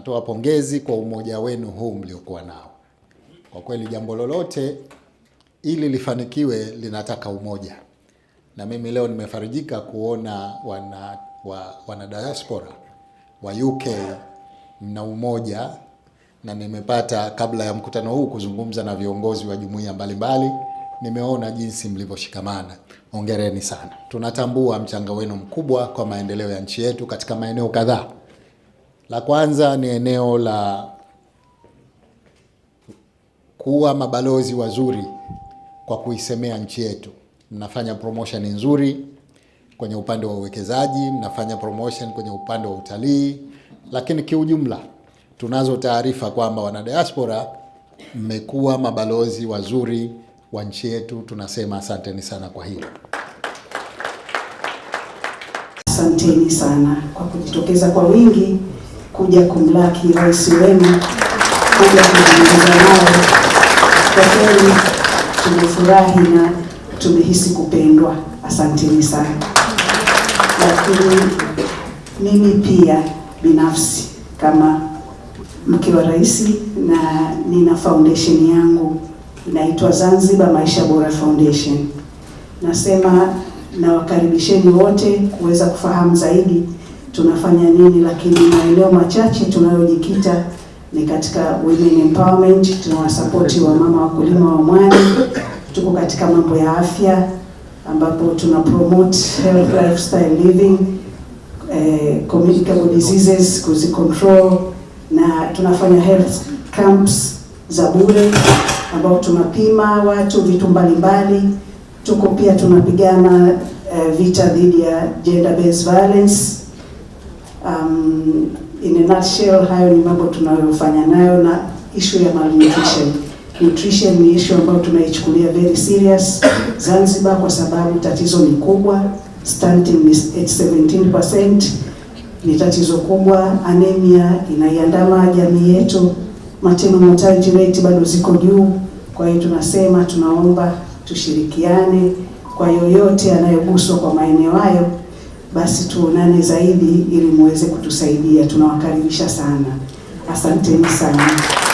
natoa pongezi kwa umoja wenu huu mliokuwa nao. Kwa kweli jambo lolote ili lifanikiwe linataka umoja, na mimi leo nimefarijika kuona wana, wa, wana diaspora wa UK mna umoja, na nimepata kabla ya mkutano huu kuzungumza na viongozi wa jumuiya mbalimbali, nimeona jinsi mlivyoshikamana. Hongereni sana, tunatambua mchango wenu mkubwa kwa maendeleo ya nchi yetu katika maeneo kadhaa. La kwanza ni eneo la kuwa mabalozi wazuri kwa kuisemea nchi yetu. Mnafanya promotion nzuri kwenye upande wa uwekezaji, mnafanya promotion kwenye upande wa utalii, lakini kiujumla tunazo taarifa kwamba wanadiaspora mmekuwa mabalozi wazuri wa nchi yetu. Tunasema asanteni sana kwa hilo. Asanteni sana kwa kujitokeza kwa wingi kuja kumlaki rais wenu, kuja kuzungumza naye. Kwa kweli tumefurahi na tumehisi kupendwa. Asanteni sana. Lakini mimi pia binafsi kama mke wa rais na nina foundation yangu inaitwa Zanzibar Maisha Bora Foundation. Nasema nawakaribisheni wote kuweza kufahamu zaidi tunafanya nini, lakini maeneo machache tunayojikita ni katika women empowerment, tunawasapoti wa mama wakulima wa mwani. Tuko katika mambo ya afya ambapo tuna promote health lifestyle living eh, communicable diseases kuzicontrol, na tunafanya health camps za bure ambao tunapima watu vitu mbalimbali. Tuko pia tunapigana eh, vita dhidi ya gender based violence Um, in a nutshell, hayo ni mambo tunayofanya nayo, na issue ya malnutrition. Nutrition ni issue ambayo tunaichukulia very serious Zanzibar, kwa sababu tatizo ni kubwa. Stunting ni 17%, ni tatizo kubwa. Anemia inaiandama jamii yetu, maternal mortality rate bado ziko juu. Kwa hiyo tunasema tunaomba tushirikiane kwa yoyote anayeguswa kwa maeneo hayo basi tuonane zaidi ili muweze kutusaidia. Tunawakaribisha sana, asanteni sana.